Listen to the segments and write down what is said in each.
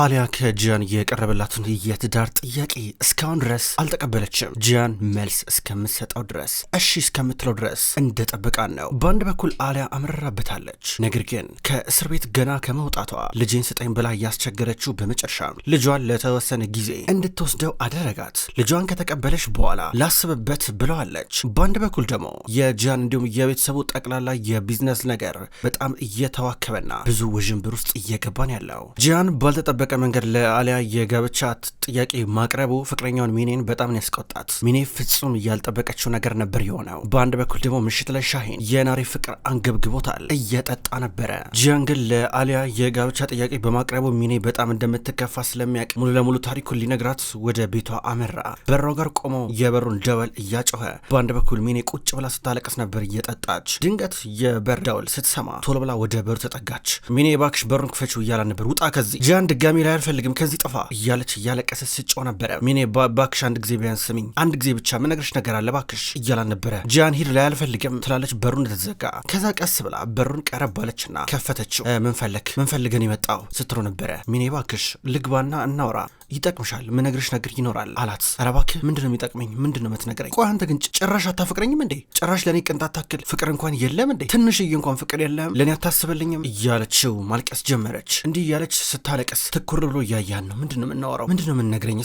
አሊያ ከጂያን የቀረበላትን የትዳር ጥያቄ እስካሁን ድረስ አልተቀበለችም። ጂያን መልስ እስከምትሰጠው ድረስ እሺ እስከምትለው ድረስ እንደጠበቃን ነው። በአንድ በኩል አሊያ አምረራበታለች። ነገር ግን ከእስር ቤት ገና ከመውጣቷ ልጄን ስጠኝ ብላ ያስቸገረችው በመጨረሻ ልጇን ለተወሰነ ጊዜ እንድትወስደው አደረጋት። ልጇን ከተቀበለች በኋላ ላስብበት ብለዋለች። በአንድ በኩል ደግሞ የጂያን እንዲሁም የቤተሰቡ ጠቅላላ የቢዝነስ ነገር በጣም እየተዋከበና ብዙ ውዥንብር ውስጥ እየገባን ያለው ጂያን ባልተጠ ባልተጠበቀ መንገድ ለአሊያ የጋብቻ ጥያቄ ማቅረቡ ፍቅረኛውን ሚኔን በጣም ነው ያስቆጣት። ሚኔ ፍጹም እያልጠበቀችው ነገር ነበር የሆነው። በአንድ በኩል ደግሞ ምሽት ላይ ሻሂን የናሬ ፍቅር አንገብግቦታል፣ እየጠጣ ነበረ። ጂያን ግን ለአሊያ የጋብቻ ጥያቄ በማቅረቡ ሚኔ በጣም እንደምትከፋ ስለሚያውቅ ሙሉ ለሙሉ ታሪኩን ሊነግራት ወደ ቤቷ አመራ። በሯ ጋር ቆሞ የበሩን ደወል እያጮኸ፣ በአንድ በኩል ሚኔ ቁጭ ብላ ስታለቀስ ነበር እየጠጣች። ድንገት የበር ደወል ስትሰማ ቶሎ ብላ ወደ በሩ ተጠጋች። ሚኔ እባክሽ በሩን ክፈችው እያላ ነበር። ውጣ ከዚህ ጂያን ድጋ ድጋሚ ላይ አልፈልግም ከዚህ ጥፋ እያለች እያለቀሰ ስጮ ነበረ። ሚኔ ባክሽ አንድ ጊዜ ቢያንስ ስሚኝ፣ አንድ ጊዜ ብቻ ምነግርሽ ነገር አለ ባክሽ እያላን ነበረ። ጂያን ሂድ ላይ አልፈልግም ትላለች። በሩን እንደተዘጋ ከዛ ቀስ ብላ በሩን ቀረባለችና ከፈተችው። ምንፈልግ ምንፈልገን የመጣው ስትሮ ነበረ። ሚኔ ባክሽ ልግባና እናውራ ይጠቅምሻል፣ ምነግርሽ ነገር ይኖራል አላት። ኧረ እባክህ ምንድን ነው የሚጠቅመኝ? ምንድን ነው የምትነግረኝ? ቆይ አንተ ግን ጭራሽ አታፈቅረኝም እንዴ? ጭራሽ ለእኔ ቅንጣት ታክል ፍቅር እንኳን የለም እንዴ? ትንሽዬ እንኳን ፍቅር የለም? ለእኔ አታስበልኝም? እያለችው ማልቀስ ጀመረች። እንዲህ እያለች ስታለቀስ ትኩር ብሎ እያያን ነው። ምንድን ነው የምናወራው? ምንድን ነው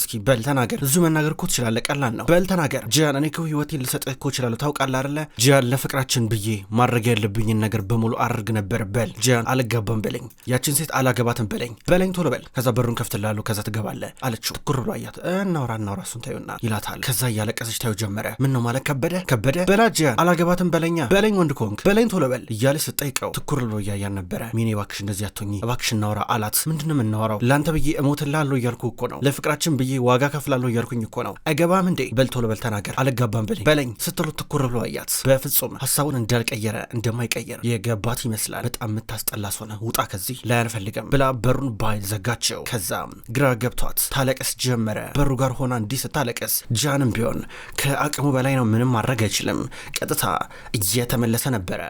እስኪ በል ተናገር። እዙ መናገር እኮ ትችላለ፣ ቀላል ነው። በል ተናገር ጂያን። እኔ ከው ህይወቴን ልሰጥህ እኮ እችላለሁ፣ ታውቃለህ አይደለ? ጂያን፣ ለፍቅራችን ብዬ ማድረግ ያለብኝን ነገር በሙሉ አድርግ ነበር። በል ጂያን፣ አልጋባም በለኝ፣ ያችን ሴት አላገባትም በለኝ፣ በለኝ፣ ቶሎ በል። ከዛ በሩን ከፍትላለሁ፣ ከዛ ትገባለህ። አለችው። ትኩር ብሎ አያት። እናውራ እናውራ እሱን ታዩና ይላታል። ከዛ እያለቀሰች ታዩ ጀመረ። ምን ነው ማለት ከበደ ከበደ በላጅያን አላገባትም በለኛ በለኝ ወንድ ኮንክ በለኝ ቶሎ በል እያለች ስትጠይቀው ትኩር ብሎ እያያን ነበረ። ሚኔ እባክሽ እንደዚህ አቶኝ እባክሽ እናውራ አላት። ምንድነው የምናወራው? ለአንተ ብዬ እሞትልሃለሁ እያልኩ እኮ ነው። ለፍቅራችን ብዬ ዋጋ ከፍላለሁ እያልኩኝ እኮ ነው። አይገባም እንዴ? በል ቶሎ በል ተናገር። አልጋባም በለኝ በለኝ ስትሉት ትኩር ብሎ አያት። በፍጹም ሀሳቡን እንዳልቀየረ እንደማይቀየር የገባት ይመስላል። በጣም የምታስጠላ ሆነ። ውጣ ከዚህ ላይ አልፈልግም ብላ በሩን ባይል ዘጋቸው። ከዛም ግራ ገብቷት ታለቀስ ጀመረ። በሩ ጋር ሆና እንዲህ ስታለቀስ ጃንም ቢሆን ከአቅሙ በላይ ነው፣ ምንም ማድረግ አይችልም። ቀጥታ እየተመለሰ ነበረ።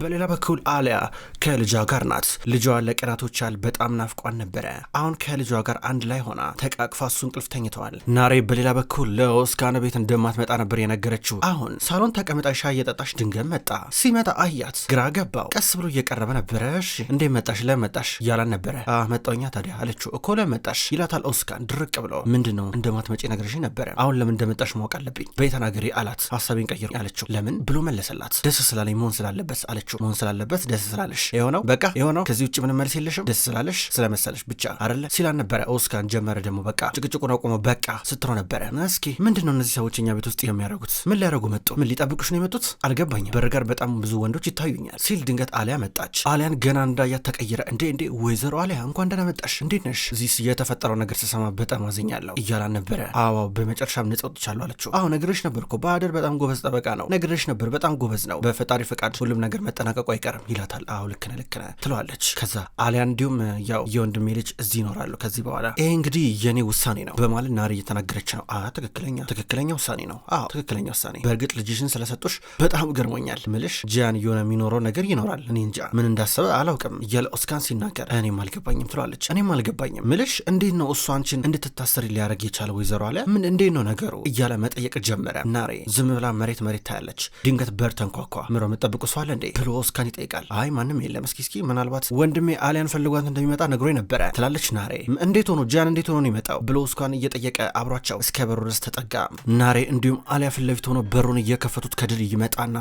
በሌላ በኩል አሊያ ከልጇ ጋር ናት። ልጇ ለቀናቶች ያህል በጣም ናፍቋን ነበረ። አሁን ከልጇ ጋር አንድ ላይ ሆና ተቃቅፋ እሱ እንቅልፍ ተኝተዋል። ናሬ በሌላ በኩል ለኦስካነ ቤት እንደማትመጣ ነበር የነገረችው። አሁን ሳሎን ተቀምጣ ሻይ እየጠጣች ድንገት መጣ። ሲመጣ አያት፣ ግራ ገባው። ቀስ ብሎ እየቀረበ ነበረ። እሺ እንዴ መጣሽ? ለመጣሽ እያላን ነበረ። መጣውኛ ታዲያ አለችው። እኮ ለመጣሽ ይላታል ኦስካን ድርቅ ብሎ። ምንድን ነው እንደማትመጪ ነግሬሽ ነበረ። አሁን ለምን እንደመጣሽ ማወቅ አለብኝ። በየተናገሬ አላት። ሀሳቤን ቀይር አለችው። ለምን ብሎ መለሰላት። ደስ ስላለኝ መሆን ስላለበት አለችው። መሆን ስላለበት ደስ ስላለሽ የሆነው በቃ የሆነው ከዚህ ውጭ ምንም መልስ የለሽም ደስ ስላለሽ ስለመሰለሽ ብቻ አደለ ሲላን ነበረ። ኦስካን ጀመረ ደግሞ በቃ ጭቅጭቁን አቆመ። በቃ ስትሮ ነበረ። እስኪ ምንድን ነው እነዚህ ሰዎች እኛ ቤት ውስጥ የሚያደርጉት? ምን ሊያደርጉ መጡ? ምን ሊጠብቁሽ ነው የመጡት? አልገባኝም። በር ጋር በጣም ብዙ ወንዶች ይታዩኛል ሲል ድንገት አሊያ መጣች። አሊያን ገና እንዳያት ተቀይረ። እንዴ እንዴ፣ ወይዘሮ አሊያ እንኳን ደህና መጣሽ፣ እንዴት ነሽ? እዚህ የተፈጠረው ነገር ስሰማ በጣም አዝኛለሁ እያላን ነበረ። አዋው በመጨረሻም ነጻ ወጥቻለሁ አለችው። አዎ ነግሬሽ ነበር እኮ በአደር በጣም ጎበዝ ጠበቃ ነው፣ ነግሬሽ ነበር። በጣም ጎበዝ ነው። በፈጣሪ ፈቃድ ሁሉም ነገር መጠናቀቁ አይቀርም ይላታል። አሁ ልክነ ልክነ ትለዋለች። ከዛ አሊያ እንዲሁም ያው የወንድሜ ልጅ እዚህ ይኖራሉ ከዚህ በኋላ ይሄ እንግዲህ የኔ ውሳኔ ነው በማለት ናሬ እየተናገረች ነው። ትክክለኛ ትክክለኛ ውሳኔ ነው። አዎ ትክክለኛ ውሳኔ። በእርግጥ ልጅሽን ስለሰጡሽ በጣም ገርሞኛል። ምልሽ ጂያን የሆነ የሚኖረው ነገር ይኖራል። እኔ እንጃ ምን እንዳሰበ አላውቅም እያለ ኦስካን ሲናገር እኔም አልገባኝም ትለዋለች። እኔም አልገባኝም ምልሽ እንዴት ነው እሱ አንቺን እንድትታሰሪ ሊያደርግ የቻለ ወይዘሮ አለ ምን እንዴት ነው ነገሩ እያለ መጠየቅ ጀመረ። ናሬ ዝም ብላ መሬት መሬት ታያለች። ድንገት በር ተንኳኳ። ምሮ የምጠብቁ ሰው አለ እንዴ ብሎ ኦስካን ይጠይቃል። አይ ማንም የለም፣ እስኪ እስኪ ምናልባት ወንድሜ አሊያን ፈልጓት እንደሚመጣ ነግሮ ነበረ ትላለች ናሬ። እንዴት ሆኖ ጃን እንዴት ሆኖ ነው ይመጣው ብሎ እስካን እየጠየቀ አብሯቸው እስከ በሩ ድረስ ተጠጋ። ናሬ እንዲሁም አሊያ ፊት ለፊት ሆኖ በሩን እየከፈቱት ከድል ይመጣና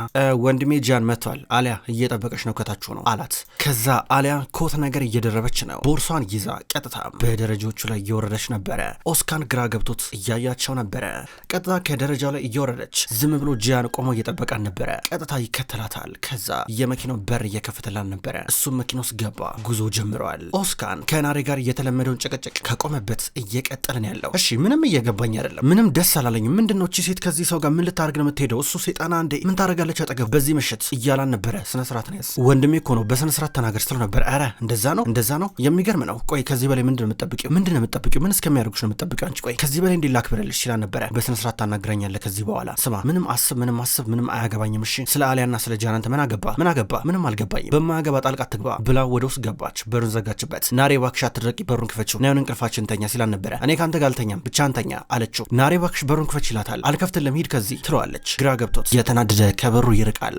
ወንድሜ ጃን መጥቷል፣ አሊያ እየጠበቀች ነው ከታች ነው አላት። ከዛ አሊያ ኮት ነገር እየደረበች ነው፣ ቦርሷን ይዛ ቀጥታ በደረጃዎቹ ላይ እየወረደች ነበረ። ኦስካን ግራ ገብቶት እያያቸው ነበረ። ቀጥታ ከደረጃው ላይ እየወረደች ዝም ብሎ ጃን ቆሞ እየጠበቃን ነበረ። ቀጥታ ይከተላታል። ከዛ የመኪናው በር እየከፈተላል ነበረ። እሱም መኪና ውስጥ ገባ። ጉዞ ጀምረዋል። ኦስካን ከናሬ ጋር የተለመደውን ጭቅጭቅ ከቆመበት እየቀጠለን ያለው እሺ፣ ምንም እየገባኝ አይደለም። ምንም ደስ አላለኝም። ምንድን ነው እቺ ሴት ከዚህ ሰው ጋር ምን ልታደርግ ነው የምትሄደው? እሱ ሴጣና እንዴ ምን ታደርጋለች አጠገብ በዚህ ምሽት እያላን ነበረ። ስነስርዓት ነው ያዝ ወንድሜ እኮ ነው በስነስርዓት ተናገር ስለው ነበር። አረ እንደዛ ነው እንደዛ ነው። የሚገርም ነው። ቆይ ከዚህ በላይ ምንድን ነው የምጠብቂው? ምንድን ነው የምጠብቂው? ምን እስከሚያደርጉሽ ነው የምጠብቂው? አንቺ ቆይ ከዚህ በላይ እንዴ ላክብረልሽ ይላል ነበረ። በስነስርዓት ታናግረኛለህ ከዚህ በኋላ ስማ፣ ምንም አስብ፣ ምንም አስብ፣ ምንም አያገባኝም። እሺ ስለ አሊያና ስለ ጃናን አገባ ምን አገባ? ምንም አልገባኝም። በማያገባ ጣልቃ ትግባ ብላ ወደ ውስጥ ገባች። በሩን ዘጋችበት። ናሬ ባክሽ አትድረቂ፣ በሩን ክፈችው፣ ናዩን እንቅልፋችን ተኛ ሲላን ነበረ። እኔ ከአንተ ጋር አልተኛም፣ ብቻ አንተኛ አለችው። ናሬ ባክሽ በሩን ክፈች ይላታል። አልከፍትልም፣ ሂድ ከዚህ ትለዋለች። ግራ ገብቶት የተናደደ ከበሩ ይርቃል።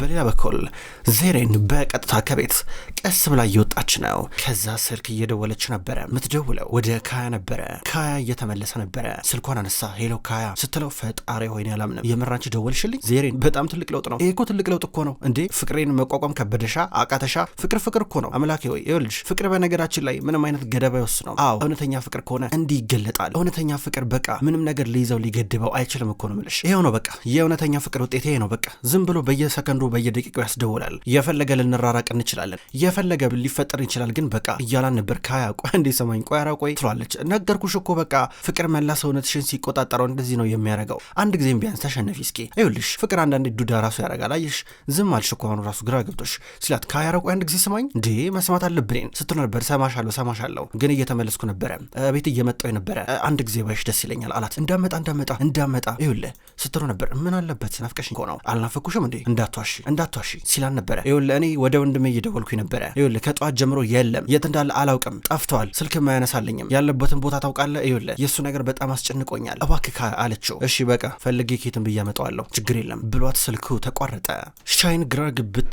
በሌላ በኩል ዜሬን በቀጥታ ከቤት ቀስ ብላ እየወጣች ነው። ከዛ ስልክ እየደወለች ነበረ። የምትደውለው ወደ ካያ ነበረ። ካያ እየተመለሰ ነበረ። ስልኳን አነሳ። ሄሎ ካያ ስትለው ፈጣሪ ሆይን ያላምንም የምራንች ደወልሽልኝ ዜሬን? በጣም ትልቅ ለውጥ ነው ይሄ እኮ ትልቅ ለውጥ እኮ ነው እንዴ! ፍቅሬን መቋቋም ከበደሻ አቃተሻ? ፍቅር ፍቅር እኮ ነው አምላኬ ሆይ ይኸውልሽ፣ ፍቅር በነገራችን ላይ ምንም አይነት ገደብ አይወስነውም። አዎ እውነተኛ ፍቅር ከሆነ እንዲህ ይገለጣል። እውነተኛ ፍቅር በቃ ምንም ነገር ሊይዘው ሊገድበው አይችልም እኮ ነው የምልሽ። ይሄው ነው በቃ የእውነተኛ ፍቅር ውጤት ይሄ ነው በቃ ዝም ብሎ በየሰከንዱ አንዱ በየደቂቃው ያስደውላል። የፈለገ ልንራራቅ እንችላለን፣ የፈለገ ሊፈጠር ይችላል። ግን በቃ እያላን ነበር። ካያ ቆይ እንዴ ሰማኝ፣ ቆይ ኧረ ቆይ ትሏለች። ነገርኩሽ እኮ በቃ ፍቅር መላ ሰውነትሽን ሲቆጣጠረው እንደዚህ ነው የሚያደርገው። አንድ ጊዜም ቢያንስ ተሸነፊ እስኪ። ይኸውልሽ ፍቅር አንዳንዴ ዱዳ ራሱ ያደርጋል። አየሽ ዝም አልሽ እኮ አሁኑ ራሱ ግራ ገብቶሽ ሲላት፣ ካያ ኧረ ቆይ አንድ ጊዜ ስማኝ እንዴ መስማት አለብኔን ስትል ነበር። ሰማሻለሁ ሰማሻለሁ፣ ግን እየተመለስኩ ነበረ፣ ቤት እየመጣሁ ነበረ። አንድ ጊዜ ባይሽ ደስ ይለኛል አላት። እንዳመጣ እንዳመጣ እንዳመጣ ይኸውልህ ስትሉ ነበር። ምን አለበት ናፍቀሽኝ እኮ ነው አልናፈኩሽም እንዴ እንዳቷ እንዳትዋሺ እንዳትዋሺ ሲላን ነበረ። ይኸውልህ እኔ ወደ ወንድሜ እየደወልኩኝ ነበረ። ይኸውልህ ከጠዋት ጀምሮ የለም፣ የት እንዳለ አላውቅም፣ ጠፍተዋል፣ ስልክም አያነሳልኝም፣ ያለበትን ቦታ ታውቃለህ። ይኸውልህ የእሱ ነገር በጣም አስጨንቆኛል፣ እባክህ አለችው። እሺ በቃ ፈልጌ ኬትን ብዬ አመጣዋለሁ፣ ችግር የለም ብሏት ስልኩ ተቋረጠ። ሻይን ግራግ ግብት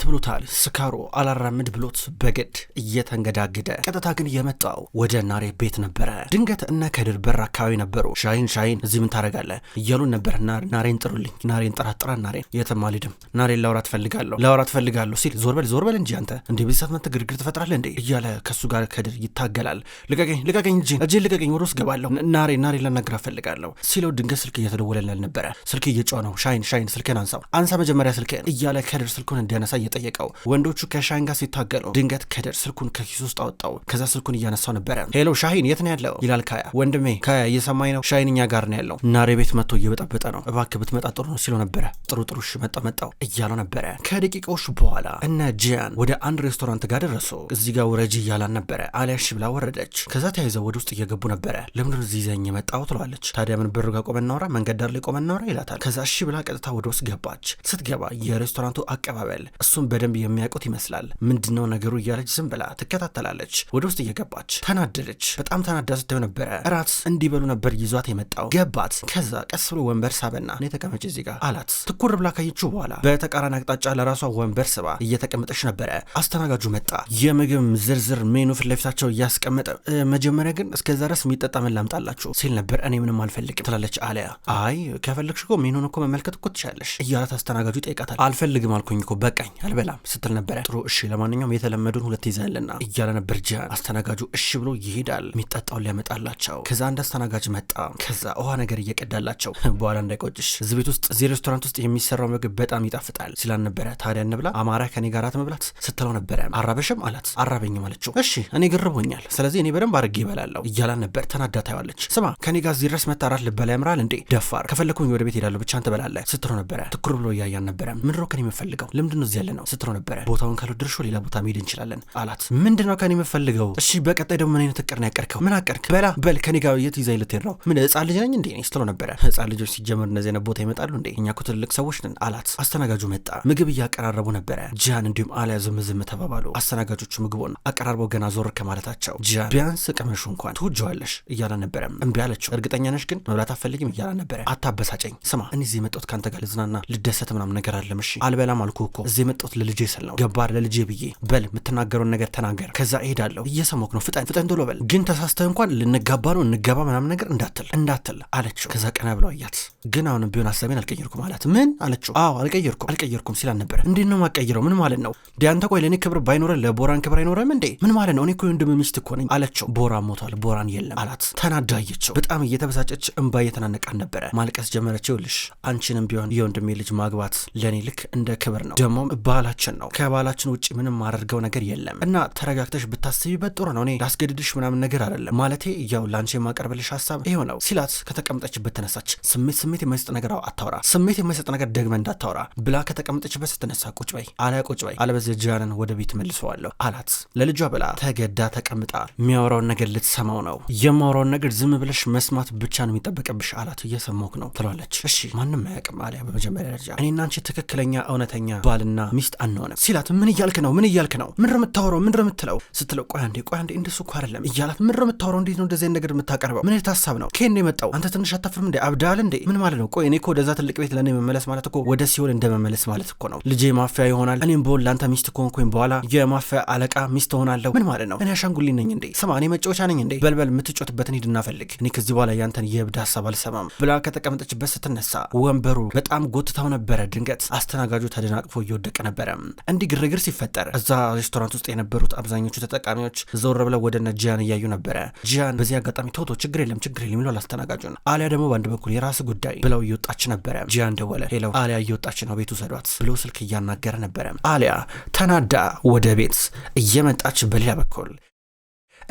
ስካሮ አላራምድ ብሎት በግድ እየተንገዳገደ ቀጥታ ግን የመጣው ወደ ናሬ ቤት ነበረ። ድንገት እነ ከድር በር አካባቢ ነበሩ። ሻይን ሻይን እዚህ ምን ታደርጋለህ እያሉን ነበር። ናሬን ጥሩልኝ፣ ናሬን ጥራጥራ፣ ናሬን የተማሊድም አልሄድም፣ ናሬን ላውራ ላወራት ፈልጋለሁ ላወራት ፈልጋለሁ ሲል ዞር በል ዞር በል እንጂ አንተ እንደ ቤተሰብ መተህ ግርግር ትፈጥራለህ እንዴ እያለ ከእሱ ጋር ከድር ይታገላል። ልቀቀኝ ልቀቀኝ እጄን እጄን ልቀቀኝ ወደ ውስጥ ገባለሁ ናሬ ናሬ ላናግራ ፈልጋለሁ ሲለው ድንገት ስልክ እየተደወለላል ነበረ። ስልክ እየጮኸ ነው። ሻይን ሻይን ስልክን አንሳው አንሳ መጀመሪያ ስልክህን እያለ ከድር ስልኩን እንዲያነሳ እየጠየቀው ወንዶቹ ከሻይን ጋር ሲታገሉ ድንገት ከድር ስልኩን ከኪስ ውስጥ አወጣው። ከዛ ስልኩን እያነሳው ነበረ። ሄሎ ሻሂን የት ነው ያለው ይላል ካያ። ወንድሜ ካያ እየሰማኝ ነው ሻይን እኛ ጋር ነው ያለው ናሬ ቤት መጥቶ እየበጠበጠ ነው እባክህ ብትመጣ ጥሩ ነው ሲለው ነበረ። ጥሩ ጥሩ እሺ መጣ መጣው እያለው ነበር ነበረ። ከደቂቃዎች በኋላ እነ ጂያን ወደ አንድ ሬስቶራንት ጋር ደረሱ። እዚህ ጋር ውረጅ እያላን ነበረ። አሊያሽ ብላ ወረደች። ከዛ ተያይዘው ወደ ውስጥ እየገቡ ነበረ። ለምንድን እዚህ ይዘኝ የመጣው ትሏለች። ታዲያ ምን በር ጋር ቆመ እናውራ፣ መንገድ ዳር ላይ ቆመን እናውራ ይላታል። ከዛ እሺ ብላ ቀጥታ ወደ ውስጥ ገባች። ስትገባ የሬስቶራንቱ አቀባበል እሱም በደንብ የሚያውቁት ይመስላል። ምንድነው ነገሩ እያለች ዝም ብላ ትከታተላለች። ወደ ውስጥ እየገባች ተናደደች። በጣም ተናዳ ስታየው ነበረ። እራት እንዲበሉ ነበር ይዟት የመጣው። ገባት። ከዛ ቀስ ብሎ ወንበር ሳበና እኔ ተቀመጭ እዚህ ጋር አላት። ትኩር ብላ ካየችው በኋላ በተቃራኒ አቅጣጫ ለራሷ ወንበር ስባ እየተቀመጠች ነበረ። አስተናጋጁ መጣ። የምግብ ዝርዝር ሜኑ ፊት ለፊታቸው እያስቀመጠ መጀመሪያ ግን እስከዛ ድረስ የሚጠጣ ምን ላምጣላችሁ ሲል ነበር። እኔ ምንም አልፈልግም ትላለች አሊያ። አይ ከፈለግሽ እኮ ሜኑን እኮ መመልከት እኮ ትችላለሽ እያላት አስተናጋጁ ይጠይቃታል። አልፈልግም አልኩኝ እኮ በቃኝ አልበላም ስትል ነበረ። ጥሩ እሺ፣ ለማንኛውም የተለመዱን ሁለት ይዘንልና እያለ ነበር ጂያን። አስተናጋጁ እሺ ብሎ ይሄዳል የሚጠጣውን ሊያመጣላቸው። ከዛ አንድ አስተናጋጅ መጣ። ከዛ ውሃ ነገር እየቀዳላቸው በኋላ እንዳይቆጭሽ፣ እዚህ ቤት ውስጥ እዚህ ሬስቶራንት ውስጥ የሚሰራው ምግብ በጣም ይጣፍጣል ይችላል ነበረ። ታዲያ እንብላ አማራ ከኔ ጋራት መብላት ስትለው ነበረ። አራበሽም አላት። አራበኝም አለችው። እሺ እኔ ግርቦኛል፣ ስለዚህ እኔ በደንብ አድርጌ ይበላለሁ እያላን ነበር። ተናዳ ታየዋለች። ስማ ከኔ ጋር እዚህ ድረስ መጣ ልበላ ያምራል እንዴ ደፋር፣ ከፈለግኩኝ ወደ ቤት ሄዳለሁ ብቻ አንተ በላለህ ስትለው ነበረ። ትኩር ብሎ እያያን ነበረ። ምንድን ነው ከኔ የምፈልገው? ለምንድን ነው እዚህ ያለ ነው ስትለው ነበረ። ቦታውን ድርሾ ሌላ ቦታ መሄድ እንችላለን አላት። ምንድን ነው ከኔ የምፈልገው? እሺ በቀጣይ ደግሞ ምን አይነት እቅድ ነው ያቀድከው? ምን አቀድክ? በላ በል ከኔ ጋር የት ይዘህ ልትሄድ ነው? ምን ህፃን ልጅ ነኝ እንዴ ስትለው ነበረ። ህፃን ልጆች ሲጀመር እነዚህ አይነት ቦታ ይመጣሉ እንዴ? እኛ እኮ ትልልቅ ሰዎች ነን አላት። አስተናጋጁ መጣ። ምግብ እያቀራረቡ ነበረ። ጂያን እንዲሁም አሊያ ዝም ዝም ተባባሉ። አስተናጋጆቹ ምግቡን አቀራርበው ገና ዞር ከማለታቸው ጂያን ቢያንስ ቅመሹ እንኳን ትወጀዋለሽ እያለ ነበረም። እምቢ አለችው። እርግጠኛ ነሽ ግን መብላት አፈልግም እያለ ነበረ። አታበሳጨኝ። ስማ እኔ እዚህ የመጣሁት ከአንተ ጋር ልዝናና ልደሰት ምናም ነገር አለም። እሺ አልበላም አልኩ እኮ እዚህ የመጣሁት ለልጄ ስል ነው። ገባር ለልጄ ብዬ በል የምትናገረውን ነገር ተናገር። ከዛ እሄዳለሁ። እየሰሞክ ነው። ፍጠን ፍጠን ቶሎ በል። ግን ተሳስተህ እንኳን ልንጋባ ነው እንገባ ምናምን ነገር እንዳትል እንዳትል አለችው። ከዛ ቀና ብለው አያት። ግን አሁንም ቢሆን ሀሳቤን አልቀየርኩም አላት። ምን አለችው? አዎ አልቀየርኩም አልቀየርኩም አልቀየርኩም ሲል አልነበረ? እንዴት ነው ማቀይረው? ምን ማለት ነው? ዲያንተ ቆይ ለእኔ ክብር ባይኖረ ለቦራን ክብር አይኖረም እንዴ? ምን ማለት ነው? እኔ እኮ የወንድም ሚስት እኮ ነኝ አለችው። ቦራ ሞቷል፣ ቦራን የለም አላት። ተናዳየችው። በጣም እየተበሳጨች እንባ እየተናነቃን ነበረ። ማልቀስ ጀመረች። ይኸውልሽ አንቺንም ቢሆን የወንድሜ ልጅ ማግባት ለእኔ ልክ እንደ ክብር ነው፣ ደግሞም ባህላችን ነው። ከባህላችን ውጭ ምንም ማደርገው ነገር የለም እና ተረጋግተሽ ብታስቢበት ጥሩ ነው። እኔ ላስገድድሽ ምናምን ነገር አይደለም ማለቴ ያው ለአንቺ የማቀርብልሽ ሀሳብ ይሄው ነው ሲላት ከተቀምጠችበት ተነሳች። ስሜት ስሜት የማይሰጥ ነገር አታውራ፣ ስሜት የማይሰጥ ነገር ደግመ እንዳታውራ ብላ ከተቀምጠ ተቀምጠችበት ስትነሳ ቁጭ በይ አለ ቁጭ በይ አለበዚያ ጂያንን ወደ ቤት መልሰዋለሁ አላት። ለልጇ ብላ ተገዳ ተቀምጣ የሚያወራውን ነገር ልትሰማው ነው። የማወራውን ነገር ዝም ብለሽ መስማት ብቻ ነው የሚጠበቅብሽ አላት። እየሰማሁህ ነው ትሏለች። እሺ ማንም አያውቅም አሊያ በመጀመሪያ ደረጃ እኔና አንቺ ትክክለኛ እውነተኛ ባልና ሚስት አንሆንም ሲላት፣ ምን እያልክ ነው? ምን እያልክ ነው? ምንድን ነው የምታወራው? ምንድን ነው የምትለው ስትለው፣ ቆይ አንዴ ቆይ አንዴ እንደሱ እኮ አይደለም እያላት፣ ምንድን ነው የምታወራው? እንዴት ነው እንደዚህ ነገር የምታቀርበው? ምን አይነት ሀሳብ ነው? ከየት ነው የመጣው? አንተ ትንሽ አታፍርም እንዴ? አብዳል እንዴ? ምን ማለት ነው? ቆይ እኔ እኮ ወደዛ ትልቅ ቤት ለእኔ መመለስ ማለት እኮ ወደ ሲሆን እንደመመለስ ማለት ማለት እኮ ነው። ልጄ ማፊያ ይሆናል። እኔም በሆን ለአንተ ሚስት ከሆንኩኝ በኋላ የማፊያ አለቃ ሚስት ሆናለሁ። ምን ማለት ነው? እኔ አሻንጉሊት ነኝ እንዴ? ስማ፣ እኔ መጫወቻ ነኝ እንዴ? በልበል፣ የምትጮትበትን ሂድና ፈልግ። እኔ ከዚህ በኋላ ያንተን የእብድ ሀሳብ አልሰማም ብላ ከተቀመጠችበት ስትነሳ ወንበሩ በጣም ጎትታው ነበረ። ድንገት አስተናጋጁ ተደናቅፎ እየወደቀ ነበረ። እንዲህ ግርግር ሲፈጠር እዛ ሬስቶራንት ውስጥ የነበሩት አብዛኞቹ ተጠቃሚዎች ዘወር ብለው ወደነ ጂያን እያዩ ነበረ። ጂያን በዚህ አጋጣሚ ቶቶ ችግር የለም ችግር የለም ይሏል አስተናጋጁን። አሊያ ደግሞ በአንድ በኩል የራስ ጉዳይ ብለው እየወጣች ነበረ። ጂያን ደወለ። ሄለው፣ አሊያ እየወጣች ነው ቤቱ ሰዷት ብሎ ስልክ እያናገረ ነበረ። አሊያ ተናዳ ወደ ቤት እየመጣች በሌላ በኩል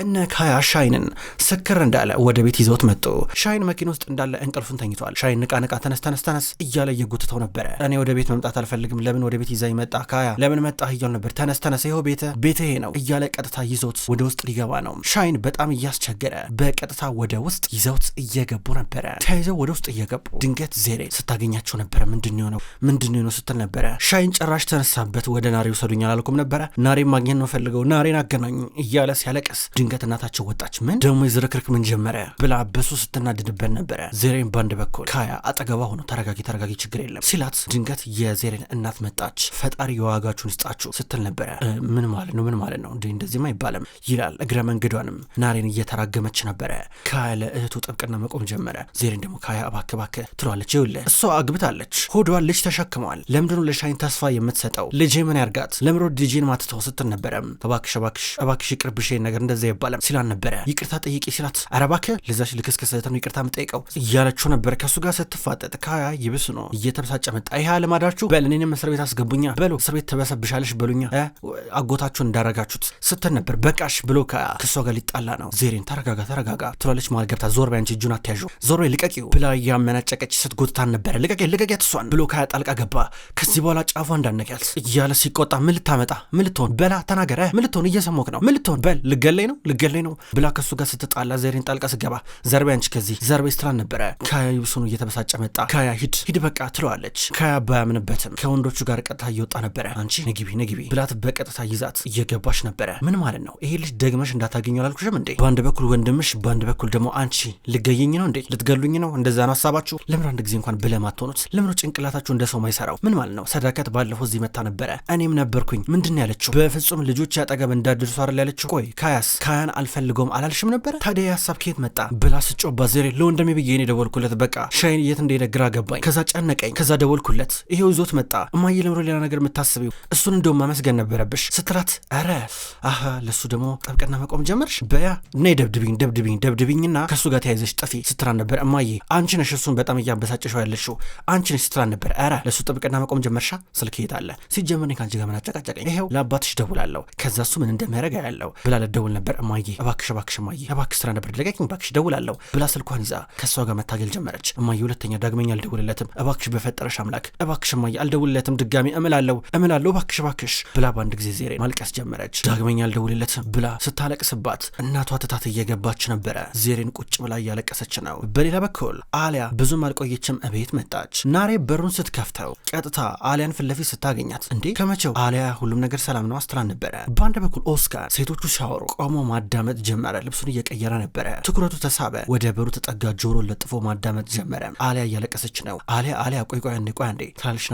እነ ካያ ሻይንን ስክር እንዳለ ወደ ቤት ይዘውት መጡ። ሻይን መኪና ውስጥ እንዳለ እንቅልፉን ተኝቷል። ሻይን ንቃ ንቃ፣ ተነስ ተነስ ተነስ እያለ እየጎትተው ነበረ። እኔ ወደ ቤት መምጣት አልፈልግም፣ ለምን ወደ ቤት ይዛ መጣ? ካያ ለምን መጣህ እያሉ ነበር። ተነስ ተነስ፣ ይኸው ቤተ ቤት ይሄ ነው እያለ ቀጥታ ይዘውት ወደ ውስጥ ሊገባ ነው። ሻይን በጣም እያስቸገረ በቀጥታ ወደ ውስጥ ይዘውት እየገቡ ነበረ። ተያይዘው ወደ ውስጥ እየገቡ ድንገት ዜሬ ስታገኛቸው ነበረ። ምንድን ነው ምንድን ነው ስትል ነበረ። ሻይን ጭራሽ ተነሳበት። ወደ ናሬ ውሰዱኝ አላልኩም ነበረ? ናሬ ማግኘት ነው ፈልገው ናሬን አገናኙ እያለ ሲያለቅስ ድንገት እናታቸው ወጣች። ምን ደግሞ የዝርክርክ ምን ጀመረ ብላ በሱ ስትናድድበት ነበረ። ዜሬን ባንድ በኩል ካያ አጠገባ ሆኖ ተረጋጊ፣ ተረጋጊ ችግር የለም ሲላት፣ ድንገት የዜሬን እናት መጣች። ፈጣሪ የዋጋችሁን ይስጣችሁ ስትል ነበረ። ምን ማለት ነው? ምን ማለት ነው? እንዲህ እንደዚህም አይባልም ይላል። እግረ መንገዷንም ናሬን እየተራገመች ነበረ። ካያ ለእህቱ ጥብቅና መቆም ጀመረ። ዜሬን ደግሞ ካያ እባክህ እባክህ ትሏለች። ይኸውልህ እሷ አግብታለች፣ ሆዷን ልጅ ተሸክመዋል። ለምድኑ ለሻይን ተስፋ የምትሰጠው? ልጄ ምን ያርጋት? ለምሮ ልጄን ማትተው ስትል ነበረ። እባክሽ እባክሽ እባክሽ ይቅርብሽ ነገር እንደዚያ አይባልም ሲላን ነበረ። ይቅርታ ጠይቄ ሲላት አረባከ ለዛች ልክስክስ እህት ነው ይቅርታ የምጠይቀው እያለችው ነበር። ከእሱ ጋር ስትፋጠጥ ከሀያ ይብስ ነው እየተበሳጨ መጣ። ይህ አለማዳችሁ በል እኔንም እስር ቤት አስገቡኛ በሉ እስር ቤት ትበሰብሻለሽ በሉኛ አጎታችሁን እንዳረጋችሁት ስትል ነበር። በቃሽ ብሎ ከእሷ ጋር ሊጣላ ነው። ዜሬን ተረጋጋ ተረጋጋ ትሏለች። መሀል ገብታ ዞር በይ አንቺ እጁን አትያዥው ዞር በይ ልቀቂው ብላ እያመናጨቀች ስትጎትታን ነበረ። ልቀቂ ልቀቂ ትሷን ብሎ ከሀያ ጣልቃ ገባ። ከዚህ በኋላ ጫፏ እንዳነቀያል እያለ ሲቆጣ ምን ልታመጣ ምን ልትሆን በላ ተናገረ ምን ልትሆን እየሰሞክ ነው ምን ልትሆን በል ልገለኝ ነው ልገለኝ ነው ብላ ከሱ ጋር ስትጣላ ዘሬን ጣልቃ ስገባ ዘርቤ አንቺ ከዚህ ዘርቤ ስትላል ነበረ። ካያ ይብሱኑ እየተበሳጨ መጣ። ካያ ሂድ ሂድ በቃ ትለዋለች። ካያ ባያምንበትም ከወንዶቹ ጋር ቀጥታ እየወጣ ነበረ። አንቺ ንግቢ ንግቢ ብላት በቀጥታ ይዛት እየገባች ነበረ። ምን ማለት ነው ይሄ ልጅ ደግመሽ እንዳታገኘው አላልኩሽም እንዴ? በአንድ በኩል ወንድምሽ፣ በአንድ በኩል ደግሞ አንቺ ልገየኝ ነው እንዴ? ልትገሉኝ ነው? እንደዛ ነው ሀሳባችሁ? ለምን አንድ ጊዜ እንኳን ብለ ማትሆኑት? ለምን ጭንቅላታችሁ እንደ ሰው ማይሰራው? ምን ማለት ነው? ሰዳከት ባለፈው እዚህ መታ ነበረ፣ እኔም ነበርኩኝ። ምንድን ያለችው? በፍጹም ልጆች ያጠገብ እንዳደርሱ አይደል ያለችው? ቆይ ካያስ ካያን አልፈልገውም አላልሽም ነበረ? ታዲያ የሀሳብ ከየት መጣ ብላ ስጮባት ዜሬ ለወንድሜ ብዬ እኔ ደወልኩለት። በቃ ሻይን የት እንደሄደ ግራ ገባኝ። ከዛ ጨነቀኝ። ከዛ ደወልኩለት፣ ይሄው ይዞት መጣ። እማዬ ለምሮ ሌላ ነገር የምታስቢው እሱን እንደውም ማመስገን ነበረብሽ ስትላት፣ ኧረ አሀ ለእሱ ደግሞ ጠብቅና መቆም ጀመርሽ። በያ ነይ ደብድብኝ ደብድብኝ ደብድብኝና ከእሱ ጋር ተያይዘሽ ጥፊ ስትላን ነበር። እማዬ አንቺ ነሽ እሱን በጣም እያበሳጨሽው ያለሽው አንቺ ነሽ ስትላን ነበር። ኧረ ለእሱ ጥብቅና መቆም ጀመርሻ። ስልክ ይሄዳለ ሲጀመር ከአንቺ ጋር ምን አጨቃጨቀኝ? ይሄው ለአባትሽ ደውላለሁ። ከዛ እሱ ምን እንደሚያደርግ ያለው ብላ ልደውል ነበር እማዬ እባክሽ እባክሽ እማዬ እባክሽ ስራ ነበር ልቀቂኝ እባክሽ ደውላለሁ ብላ ስልኳን ይዛ ከእሷ ጋር መታገል ጀመረች። እማዬ ሁለተኛ ዳግመኛ አልደውልለትም እባክሽ በፈጠረሽ አምላክ እባክሽ እማዬ አልደውልለትም ድጋሚ እምላለሁ እምላለሁ እባክሽ እባክሽ ብላ በአንድ ጊዜ ዜሬ ማልቀስ ጀመረች። ዳግመኛ አልደውልለትም ብላ ስታለቅስባት እናቷ ትታት እየገባች ነበረ። ዜሬን ቁጭ ብላ እያለቀሰች ነው። በሌላ በኩል አሊያ ብዙም አልቆየችም እቤት መጣች። ናሬ በሩን ስትከፍተው ቀጥታ አሊያን ፊት ለፊት ስታገኛት እንዴ ከመቼው አሊያ ሁሉም ነገር ሰላም ነው አስትላን ነበረ። በአንድ በኩል ኦስካር ሴቶቹ ሲያወሩ ቆሞ ማዳመጥ ጀመረ። ልብሱን እየቀየረ ነበረ። ትኩረቱ ተሳበ። ወደ በሩ ተጠጋ። ጆሮ ለጥፎ ማዳመጥ ጀመረ። አሊያ እያለቀሰች ነው። አሊያ አሊያ፣ ቆይ ቆይ አንዴ ቆይ አንዴ ትላለች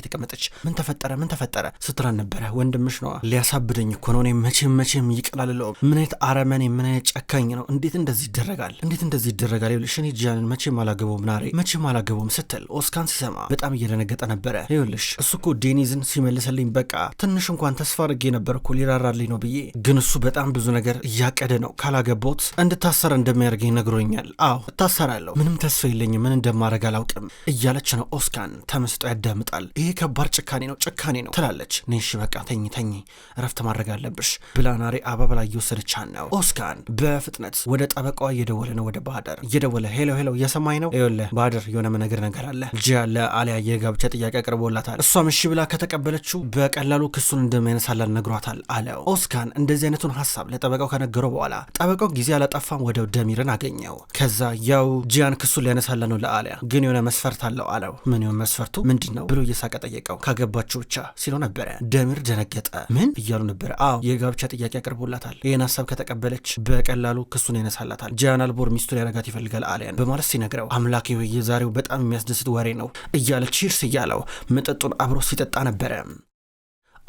እየተቀመጠች ምን ተፈጠረ ምን ተፈጠረ ስትላን ነበረ። ወንድምሽ ነዋ ሊያሳብደኝ እኮ ነው። እኔ መቼም መቼም ይቀላልለውም። ምን አይነት አረመኔ፣ ምን አይነት ጨካኝ ነው። እንዴት እንደዚህ ይደረጋል? እንዴት እንደዚህ ይደረጋል? ይኸውልሽ እኔ ጃንን መቼም አላገበውም፣ ናሬ፣ መቼም አላገበውም ስትል ኦስካን ሲሰማ በጣም እየደነገጠ ነበረ። ይኸውልሽ እሱ እኮ ዴኒዝን ሲመልስልኝ በቃ ትንሽ እንኳን ተስፋ አድርጌ ነበር እኮ ሊራራልኝ ነው ብዬ ግን እሱ በጣም ብዙ ነገር እያቀደ ነው። ካላገባሁት እንድታሰር እንደሚያደርገኝ ይነግሮኛል። አዎ እታሰራለሁ፣ ምንም ተስፋ የለኝም፣ ምን እንደማደርግ አላውቅም እያለች ነው። ኦስካን ተመስጦ ያዳምጣል። ይሄ ከባድ ጭካኔ ነው፣ ጭካኔ ነው ትላለች። ነሽ በቃ ተኝ ተኝ፣ እረፍት ማድረግ አለብሽ ብላ ናሬ አባብላ እየወሰደቻን ነው። ኦስካን በፍጥነት ወደ ጠበቃዋ እየደወለ ነው፣ ወደ ባህደር እየደወለ ሄሎ ሄሎ፣ እየሰማኝ ነው? ይኸውልህ ባህደር የሆነ ነገር ነገር አለ። ልጅ ያለ አሊያ የጋብቻ ጥያቄ አቅርቦላታል። እሷም እሺ ብላ ከተቀበለችው በቀላሉ ክሱን እንደሚያነሳላል ነግሯታል አለው። ኦስካን እንደዚህ አይነቱን ሀሳብ ለጠበቃው ከነገረው በኋላ ጠበቃው ጊዜ አላጠፋም ወደ ደሚርን አገኘው። ከዛ ያው ጂያን ክሱን ሊያነሳለ ነው ለአሊያ ግን የሆነ መስፈርት አለው አለው። ምን ይሆን መስፈርቱ ምንድን ነው ብሎ እየሳቀ ጠየቀው። ካገባችሁ ብቻ ሲለው ነበረ። ደሚር ደነገጠ። ምን እያሉ ነበረ? አዎ የጋብቻ ጥያቄ አቅርቦላታል። ይህን ሀሳብ ከተቀበለች በቀላሉ ክሱን ያነሳላታል። ጂያን አልቦር ሚስቱ ሊያረጋት ይፈልጋል አሊያን በማለት ሲነግረው አምላክ የዛሬው በጣም የሚያስደስት ወሬ ነው እያለች ቺርስ እያለው መጠጡን አብሮ ሲጠጣ ነበረ።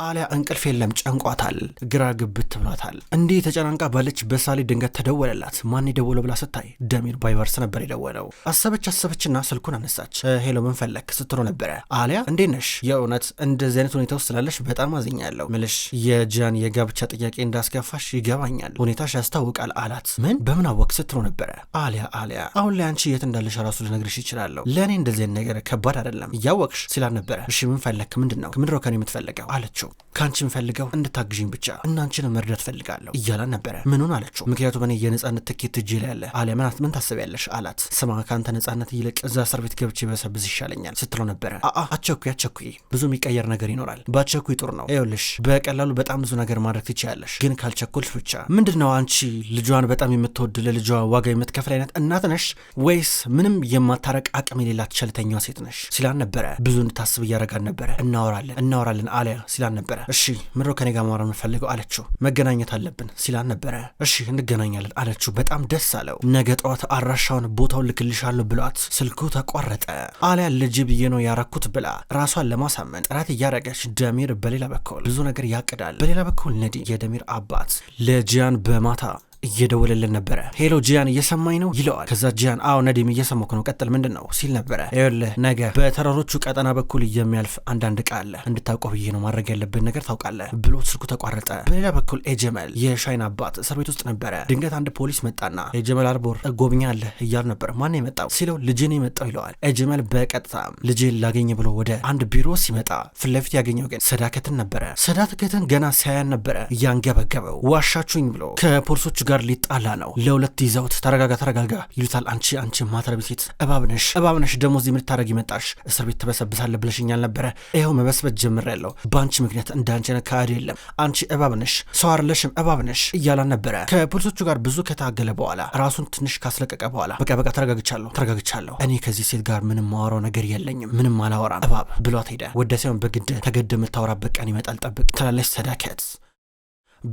አሊያ እንቅልፍ የለም ጨንቋታል፣ ግራ ግብት ብሏታል። እንዲህ ተጨናንቃ ባለች በሳሌ ድንገት ተደወለላት። ማን የደወለው ብላ ስታይ ደሚር ባይቨርስ ነበር የደወለው። አሰበች አሰበችና ስልኩን አነሳች። ሄሎ ምን ፈለክ ስትሮ ነበረ። አሊያ እንዴት ነሽ? የእውነት እንደዚህ አይነት ሁኔታ ውስጥ ስላለሽ በጣም አዝኛለሁ። ምልሽ የጃን የጋብቻ ጥያቄ እንዳስገፋሽ ይገባኛል፣ ሁኔታሽ ያስታውቃል አላት። ምን በምን አወቅ ስትሮ ነበረ። አሊያ አሊያ አሁን ላይ አንቺ የት እንዳለሽ ራሱ ልነግርሽ ይችላለሁ። ለእኔ እንደዚህ ነገር ከባድ አይደለም፣ እያወቅሽ ሲላል ነበረ። እሺ ምን ፈለክ? ምንድን ነው ምንድሮ ከኔ የምትፈለገው አለችው። ከአንቺ ፈልገው እንድታግዥኝ ብቻ እናንቺን መርዳት ፈልጋለሁ እያላን ነበረ። ምኑን አለችው። ምክንያቱም እኔ የነጻነት ትኬት እጄ ላይ ያለ አለምናት ምን ታስቢያለሽ አላት። ስማ ከአንተ ነጻነት ይልቅ እዛ እስር ቤት ገብቼ በሰብዝ ይሻለኛል ስትለው ነበረ። አአ አቸኩይ አቸኩይ፣ ብዙ የሚቀየር ነገር ይኖራል። በአቸኩይ ጥሩ ነው። ይኸውልሽ በቀላሉ በጣም ብዙ ነገር ማድረግ ትችያለሽ፣ ግን ካልቸኮልሽ ብቻ። ምንድን ነው አንቺ ልጇን በጣም የምትወድ ለልጇ ዋጋ የምትከፍል አይነት እናት ነሽ ወይስ ምንም የማታረቅ አቅም የሌላት ቸልተኛ ሴት ነሽ? ሲላን ነበረ። ብዙ እንድታስብ እያረጋን ነበረ። እናወራለን እናወራለን አሊያ ሲላ ሲላን ነበረ። እሺ ምድሮ ከኔ ጋር ማውራት የምፈልገው አለችው። መገናኘት አለብን ሲላን ነበረ። እሺ እንገናኛለን አለችው። በጣም ደስ አለው። ነገ ጠዋት አድራሻውን ቦታውን ልክልሻለሁ ብሏት ስልኩ ተቋረጠ። አሊያ ልጅ ብዬ ነው ያረኩት ብላ ራሷን ለማሳመን ጥረት እያደረገች ደሚር በሌላ በኩል ብዙ ነገር ያቅዳል። በሌላ በኩል ነዲ የደሚር አባት ለጂያን በማታ እየደወለልን ነበረ። ሄሎ ጂያን እየሰማኝ ነው ይለዋል። ከዛ ጂያን አዎ ነዲም እየሰማኩ ነው ቀጥል ምንድን ነው ሲል ነበረ። ይኸውልህ ነገ በተራሮቹ ቀጠና በኩል የሚያልፍ አንዳንድ እቃ አለ እንድታውቀው ብዬ ነው ማድረግ ያለብን ነገር ታውቃለህ ብሎ ስልኩ ተቋረጠ። በሌላ በኩል ኤጀመል የሻይን አባት እስር ቤት ውስጥ ነበረ። ድንገት አንድ ፖሊስ መጣና ኤጀመል አልቦር ጎብኛ አለ እያሉ ነበር። ማን የመጣው ሲለው ልጄን የመጣው ይለዋል። ኤጀመል በቀጥታ ልጄን ላገኘ ብሎ ወደ አንድ ቢሮ ሲመጣ ፊት ለፊት ያገኘው ግን ሰዳከትን ነበረ። ሰዳከትን ገና ሳያን ነበረ እያንገበገበው ዋሻችሁኝ ብሎ ከፖሊሶቹ ጋር ሊጣላ ነው። ለሁለት ይዘውት ተረጋጋ ተረጋጋ ይሉታል። አንቺ አንቺ ማትረቢ ሴት እባብነሽ እባብነሽ ደግሞ እዚህ ምን ልታደርጊ መጣሽ? እስር ቤት ትበሰብሳለ ብለሽኛል ነበረ። ይኸው መበስበት ጀምሬያለሁ። በአንቺ ምክንያት እንደ አንቺ አይነት ከሃዲ የለም። አንቺ እባብነሽ ሰው አይደለሽም እባብነሽ እያላን ነበረ። ከፖሊሶቹ ጋር ብዙ ከታገለ በኋላ ራሱን ትንሽ ካስለቀቀ በኋላ በቃ በቃ ተረጋግቻለሁ ተረጋግቻለሁ እኔ ከዚህ ሴት ጋር ምንም ማወራው ነገር የለኝም፣ ምንም አላወራም እባብ ብሏት ሄደ። ወደ ሳይሆን በግድ ተገድ የምታወራበት ቀን ይመጣል ጠብቅ ትላለች ሰዳከት።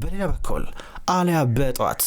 በሌላ በኩል አሊያ በጠዋት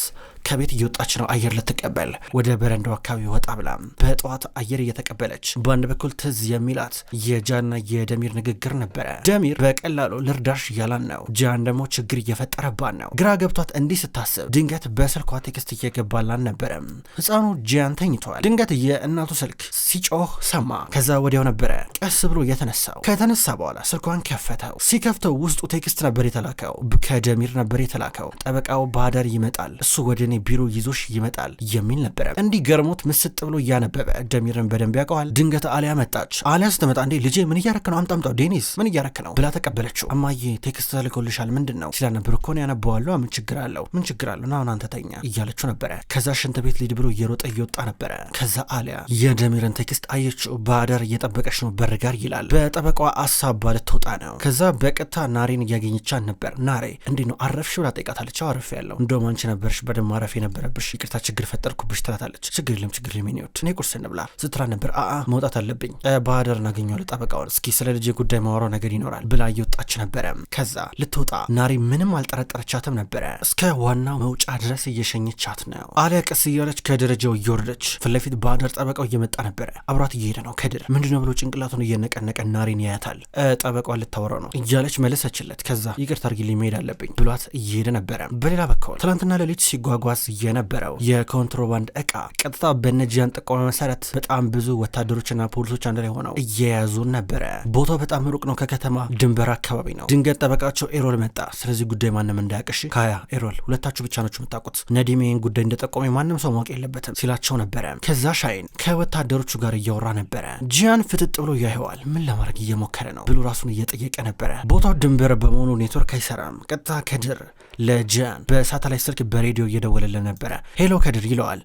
ከቤት እየወጣች ነው አየር ልትቀበል ወደ በረንዳው አካባቢ ወጣ ብላ በጠዋት አየር እየተቀበለች በአንድ በኩል ትዝ የሚላት የጃና የደሚር ንግግር ነበረ። ደሚር በቀላሉ ልርዳሽ እያላን ነው፣ ጃን ደግሞ ችግር እየፈጠረባን ነው። ግራ ገብቷት እንዲህ ስታስብ ድንገት በስልኳ ቴክስት እየገባላን ነበረ። ህፃኑ ጃን ተኝተዋል። ድንገት የእናቱ ስልክ ሲጮህ ሰማ። ከዛ ወዲያው ነበረ ቀስ ብሎ የተነሳው። ከተነሳ በኋላ ስልኳን ከፈተው። ሲከፍተው ውስጡ ቴክስት ነበር የተላከው፣ ከደሚር ነበር የተላከው። ጠበቃው ባደር ይመጣል እሱ ወደ እኔ ቢሮ ይዞሽ ይመጣል የሚል ነበረ። እንዲህ ገርሞት ምስጥ ብሎ እያነበበ ደሚርን በደንብ ያውቀዋል። ድንገት አሊያ መጣች። አሊያ ስትመጣ እንዴ ልጄ ምን እያረክ ነው? አምጣምጣው ዴኒስ ምን እያረክ ነው ብላ ተቀበለችው። እማዬ ቴክስት ተልኮልሻል ምንድን ነው ሲላነብር እኮን ያነበዋለሁ። ምን ችግር አለው? ምን ችግር አለው? ናሁን አንተ ተኛ እያለችው ነበረ። ከዛ ሽንት ቤት ሊድ ብሎ እየሮጠ እየወጣ ነበረ። ከዛ አሊያ የደሚርን ቴክስት አየችው። በአደር እየጠበቀች ነው በር ጋር ይላል። በጠበቋ አሳባ ልትወጣ ነው። ከዛ በቀጥታ ናሬን እያገኘቻን ነበር። ናሬ እንዴ ነው አረፍሽ ብላ ጠይቃታለች። አረፍ ያለው እንደውም አንቺ ነበርሽ በደማ ማረፍ የነበረብሽ ይቅርታ ችግር ፈጠርኩብሽ ትላታለች። ችግር የለም ችግር የለም ኔዎች እኔ ቁርስ እንብላ ስትራ ነበር። አአ መውጣት አለብኝ ባህዳር እናገኘዋለን ጠበቃውን። እስኪ ስለ ልጅ ጉዳይ ማወራው ነገር ይኖራል ብላ እየወጣች ነበረ። ከዛ ልትወጣ ናሪ ምንም አልጠረጠረቻትም ነበረ። እስከ ዋናው መውጫ ድረስ እየሸኘቻት ነው። አሊያ ቀስ እያለች ከደረጃው እየወረደች ፊትለፊት ባህዳር ጠበቃው እየመጣ ነበረ። አብሯት እየሄደ ነው። ከድር ምንድነው ብሎ ጭንቅላቱን እየነቀነቀ ናሪን ያያታል። ጠበቃዋ ልታወራው ነው እያለች መለሰችለት። ከዛ ይቅርታ አድርጊልኝ መሄድ አለብኝ ብሏት እየሄደ ነበረ። በሌላ በኩል ትላንትና ሌሊት ሲጓጓ ሲጓጓዝ የነበረው የኮንትሮባንድ እቃ ቀጥታ በነጃን ጥቆማ መሰረት በጣም ብዙ ወታደሮችና ፖሊሶች አንድ ላይ ሆነው እየያዙ ነበረ። ቦታው በጣም ሩቅ ነው፣ ከከተማ ድንበር አካባቢ ነው። ድንገት ጠበቃቸው ኤሮል መጣ። ስለዚህ ጉዳይ ማንም እንዳያቅሽ፣ ካያ ኤሮል ሁለታችሁ ብቻ ናችሁ የምታውቁት። ነዲም ይህን ጉዳይ እንደጠቆመ ማንም ሰው ማወቅ የለበትም ሲላቸው ነበረ። ከዛ ሻይን ከወታደሮቹ ጋር እያወራ ነበረ። ጂያን ፍጥጥ ብሎ ያየዋል። ምን ለማድረግ እየሞከረ ነው ብሎ ራሱን እየጠየቀ ነበረ። ቦታው ድንበር በመሆኑ ኔትወርክ አይሰራም። ቀጥታ ከድር ለጂያን በሳተላይት ስልክ በሬዲዮ እየደወለ ሲደውልልን ነበረ። ሄሎ ከድር ይለዋል።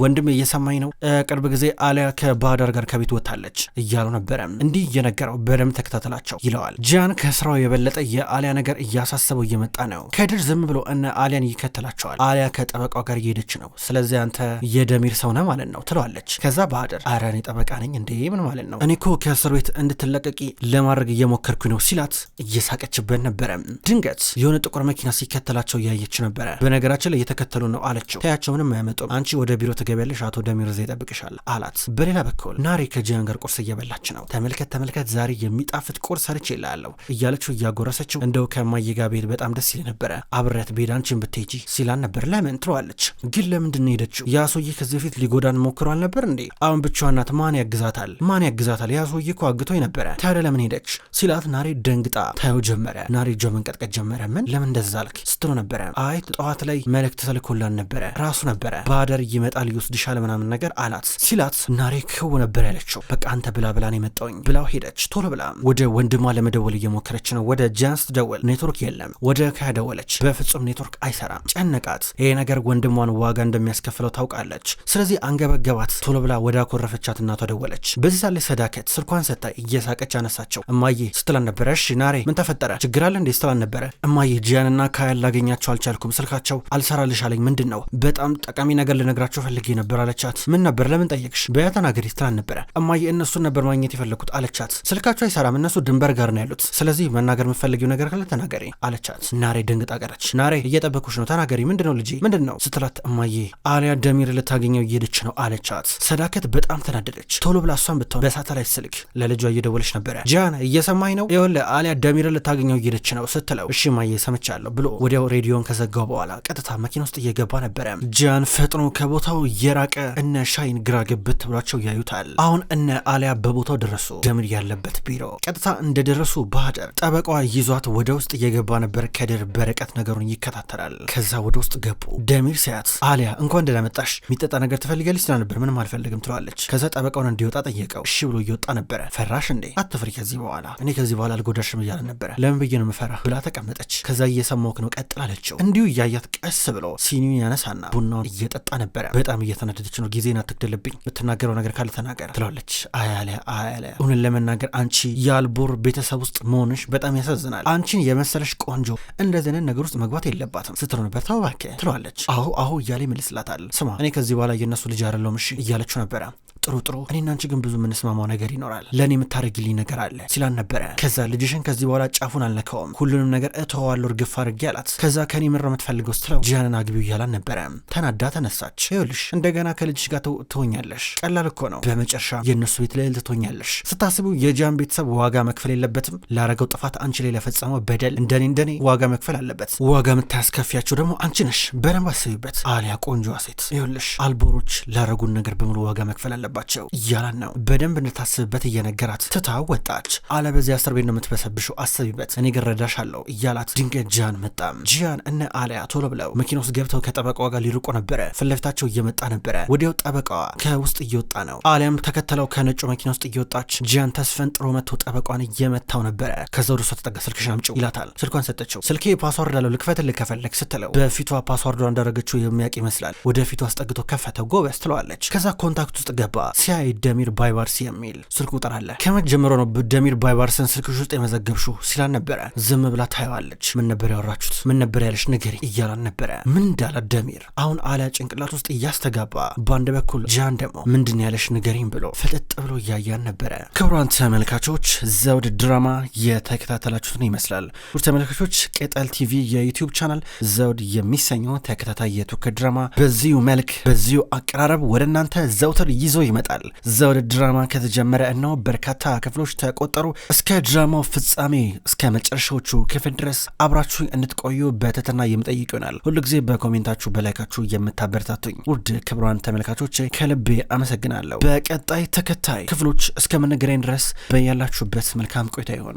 ወንድም እየሰማኝ ነው፣ ቅርብ ጊዜ አሊያ ከባህዳር ጋር ከቤት ወታለች እያሉ ነበረ። እንዲህ እየነገረው በደንብ ተከታተላቸው ይለዋል። ጂያን ከስራው የበለጠ የአሊያ ነገር እያሳሰበው እየመጣ ነው። ከድር ዝም ብሎ እነ አሊያን ይከተላቸዋል። አሊያ ከጠበቃው ጋር እየሄደች ነው። ስለዚህ አንተ የደሚር ሰው ነህ ማለት ነው ትለዋለች። ከዛ ባዳር አረ እኔ ጠበቃ ነኝ እንዴ ምን ማለት ነው? እኔ እኮ ከእስር ቤት እንድትለቀቂ ለማድረግ እየሞከርኩ ነው ሲላት እየሳቀችበት ነበረ። ድንገት የሆነ ጥቁር መኪና ሲከተላቸው እያየች ነበረ። በነገራችን ላይ እየተከተሉ ነው አለችው። ታያቸውንም አያመጡም። አንቺ ወደ ቢሮ ትገቢያለሽ፣ አቶ ደሚር ደሚሮዝ ይጠብቅሻል አላት። በሌላ በኩል ናሬ ከጂያን ጋር ቁርስ እየበላች ነው። ተመልከት ተመልከት፣ ዛሬ የሚጣፍጥ ቁርስ ሰርች ይላለሁ እያለችው እያጎረሰችው፣ እንደው ከማየጋ ቤት በጣም ደስ ይል ነበረ አብረት ብሄድ አንቺን ብትሄጂ ሲላን ነበር። ለምን ትለዋለች። ግን ለምንድን ነው ሄደችው? ያ ሰውዬ ከዚህ በፊት ሊጎዳን ሞክሮ አልነበር እንዴ? አሁን ብቻዋን ናት። ማን ያግዛታል? ማን ያግዛታል? ያ ሰውዬ እኮ አግቶ ነበረ። ታዲያ ለምን ሄደች ሲላት፣ ናሬ ደንግጣ ታየው ጀመረ። ናሬ ጆ መንቀጥቀጥ ጀመረ። ምን ለምን እንደዛ አልክ ስትሎ ነበረ። አይ ጠዋት ላይ መልእክት ተልኮ እየኮላን ነበረ ራሱ ነበረ ባደር ይመጣል ይወስድሻል ምናምን ነገር አላት ሲላት ናሬ ክው ነበር ያለችው። በቃ አንተ ብላ ብላን የመጣውኝ ብላው ሄደች። ቶሎ ብላ ወደ ወንድሟ ለመደወል እየሞከረች ነው። ወደ ጃንስ ደወል፣ ኔትወርክ የለም። ወደ ካያ ደወለች፣ በፍጹም ኔትወርክ አይሰራም። ጨነቃት። ይሄ ነገር ወንድሟን ዋጋ እንደሚያስከፍለው ታውቃለች። ስለዚህ አንገበገባት። ቶሎ ብላ ወደ አኮረፈቻት እናቷ ደወለች። በዚህ ሳለ ሰዳከት ስልኳን ሰታ እየሳቀች አነሳቸው። እማዬ ስትላን ነበረ። እሺ ናሬ ምን ተፈጠረ ችግር አለ እንዴ ስትላን ነበረ። እማዬ ጂያንና ካያን ላገኛቸው አልቻልኩም፣ ስልካቸው አልሰራልሽ ምንድን ነው? በጣም ጠቃሚ ነገር ልነግራቸው ፈልጌ ነበር አለቻት። ምን ነበር? ለምን ጠየቅሽ? በያተናገሪ ትላን ነበረ። እማዬ እነሱን ነበር ማግኘት የፈለጉት አለቻት። ስልካቸው አይሰራም፣ እነሱ ድንበር ጋር ነው ያሉት። ስለዚህ መናገር የምትፈልጊው ነገር ካለ ተናገሪ አለቻት። ናሬ ደንግጣ ቀረች። ናሬ እየጠበኩሽ ነው፣ ተናገሪ። ምንድን ነው ልጄ? ምንድን ነው ስትላት፣ እማዬ አሊያ ደሚር ልታገኘው እየሄደች ነው አለቻት። ሰዳከት በጣም ተናደደች። ቶሎ ብላ እሷን ብትሆን በሳተላይት ስልክ ለልጇ እየደወለች ነበረ። ጂያን እየሰማኝ ነው? ይኸውልህ አሊያ ደሚር ልታገኘው እየሄደች ነው ስትለው፣ እሺ እማዬ ሰምቻለሁ ብሎ ወዲያው ሬዲዮን ከዘጋው በኋላ ቀጥታ መኪና ውስጥ እየገባ ነበረ። ጃን ፈጥኖ ከቦታው የራቀ እነ ሻይን ግራ ግብት ብሏቸው ያዩታል። አሁን እነ አሊያ በቦታው ደረሱ። ደምር ያለበት ቢሮ ቀጥታ እንደደረሱ ባህደር ጠበቋ ይዟት ወደ ውስጥ እየገባ ነበር። ከድር በርቀት ነገሩን ይከታተላል። ከዛ ወደ ውስጥ ገቡ። ደሚር ሲያት አሊያ እንኳን ደህና መጣሽ፣ የሚጠጣ ነገር ትፈልጊያለሽ ስላ ነበር። ምንም አልፈልግም ትለዋለች። ከዛ ጠበቃውን እንዲወጣ ጠየቀው። እሺ ብሎ እየወጣ ነበረ። ፈራሽ እንዴ? አትፍሪ፣ ከዚህ በኋላ እኔ ከዚህ በኋላ አልጎዳሽም እያለ ነበረ። ለምን ብዬ ነው የምፈራ ብላ ተቀመጠች። ከዛ እየሰማውክ ነው አለችው። እንዲሁ እያያት ቀስ ብሎ ሲኒ ጓደኛውን ያነሳና ቡናውን እየጠጣ ነበረ። በጣም እየተናደደች ነው። ጊዜን አትግደልብኝ፣ የምትናገረው ነገር ካለ ተናገር ትለዋለች። አያለ አያለ እውነት ለመናገር አንቺ የአልቦር ቤተሰብ ውስጥ መሆንሽ በጣም ያሳዝናል። አንቺን የመሰለሽ ቆንጆ እንደዚህ አይነት ነገር ውስጥ መግባት የለባትም ስትሮ ነበር። ተባባከ ትለዋለች። አሁ አሁ እያለ ይመልስላታል። ስማ እኔ ከዚህ በኋላ የእነሱ ልጅ አይደለሁም እሺ እያለችው ነበረ ጥሩ ጥሩ፣ እኔና አንቺ ግን ብዙ የምንስማማው ነገር ይኖራል፣ ለእኔ የምታደርግልኝ ነገር አለ ሲላን ነበረ። ከዛ ልጅሽን ከዚህ በኋላ ጫፉን አልነካውም፣ ሁሉንም ነገር እተዋለሁ እርግፍ አድርጌ አላት። ከዛ ከእኔ ምረ የምትፈልገው ስትለው ጂያንን አግቢው እያላን ነበረ። ተናዳ ተነሳች። ይኸውልሽ እንደገና ከልጅሽ ጋር ትሆኛለሽ፣ ቀላል እኮ ነው። በመጨረሻ የእነሱ ቤት ልዕልት ትሆኛለሽ። ስታስቡ የጂያን ቤተሰብ ዋጋ መክፈል የለበትም ላረገው ጥፋት፣ አንቺ ላይ ለፈጸመው በደል እንደኔ እንደኔ ዋጋ መክፈል አለበት። ዋጋ የምታስከፊያቸው ደግሞ አንቺ ነሽ። በደንብ አስቢበት አሊያ ቆንጆ ሴት። ይኸውልሽ አልቦሮች ላረጉን ነገር በሙሉ ዋጋ መክፈል አለበት አለባቸው እያላን ነው። በደንብ እንድታስብበት እየነገራት ትታ ወጣች። አለበዚያ እስር ቤት ነው የምትበሰብሽው፣ አስቢበት፣ እኔ ግን ረዳሻለሁ እያላት ድንገት ጂያን መጣም። ጂያን እነ አሊያ ቶሎ ብለው መኪና ውስጥ ገብተው ከጠበቃዋ ጋር ሊርቆ ነበረ። ፊት ለፊታቸው እየመጣ ነበረ። ወዲያው ጠበቃዋ ከውስጥ እየወጣ ነው። አሊያም ተከተለው ከነጩ መኪና ውስጥ እየወጣች ጂያን ተስፈን ጥሮ መጥቶ ጠበቋን እየመታው ነበረ። ከዛ ወደ እሷ ተጠጋ። ስልክሽን አምጪው ይላታል። ስልኳን ሰጠችው። ስልኬ ፓስዋርድ አለው ልክፈትልህ ከፈለግ ስትለው በፊቷ ፓስዋርዷ እንዳደረገችው የሚያውቅ ይመስላል። ወደፊቱ አስጠግቶ ከፈተው ጎበዝ ትለዋለች። ከዛ ኮንታክት ውስጥ ገባ። ሲያይ ደሚር ባይባርስ የሚል ስልክ ቁጥር አለ። ከመጀመሪያው ነው ደሚር ባይባርስን ስልክሽ ውስጥ የመዘገብሹ ሲላል ነበረ። ዝም ብላ ታየዋለች። ምን ነበር ያወራችሁት? ምን ነበር ያለሽ ንገሪ እያላል ነበረ። ምን እንዳለ ደሚር አሁን አሊያ ጭንቅላት ውስጥ እያስተጋባ፣ በአንድ በኩል ጃን ደግሞ ምንድን ያለሽ ንገሪኝ ብሎ ፍጥጥ ብሎ እያያን ነበረ። ክቡራን ተመልካቾች ዘውድ ድራማ የተከታተላችሁትን ይመስላል። ውድ ተመልካቾች ቅጠል ቲቪ የዩቲዩብ ቻናል ዘውድ የሚሰኘው ተከታታይ የቱርክ ድራማ በዚሁ መልክ በዚሁ አቀራረብ ወደ እናንተ ዘውትር ይዞ ይመጣል። እዛ ወደ ድራማ ከተጀመረ እነው በርካታ ክፍሎች ተቆጠሩ። እስከ ድራማው ፍጻሜ እስከ መጨረሻዎቹ ክፍል ድረስ አብራችሁ እንድትቆዩ በትህትና የምጠይቅ ይሆናል። ሁሉ ጊዜ በኮሜንታችሁ በላይካችሁ የምታበረታቱኝ ውድ ክብሯን ተመልካቾች ከልቤ አመሰግናለሁ። በቀጣይ ተከታይ ክፍሎች እስከምንገናኝ ድረስ በያላችሁበት መልካም ቆይታ ይሆን።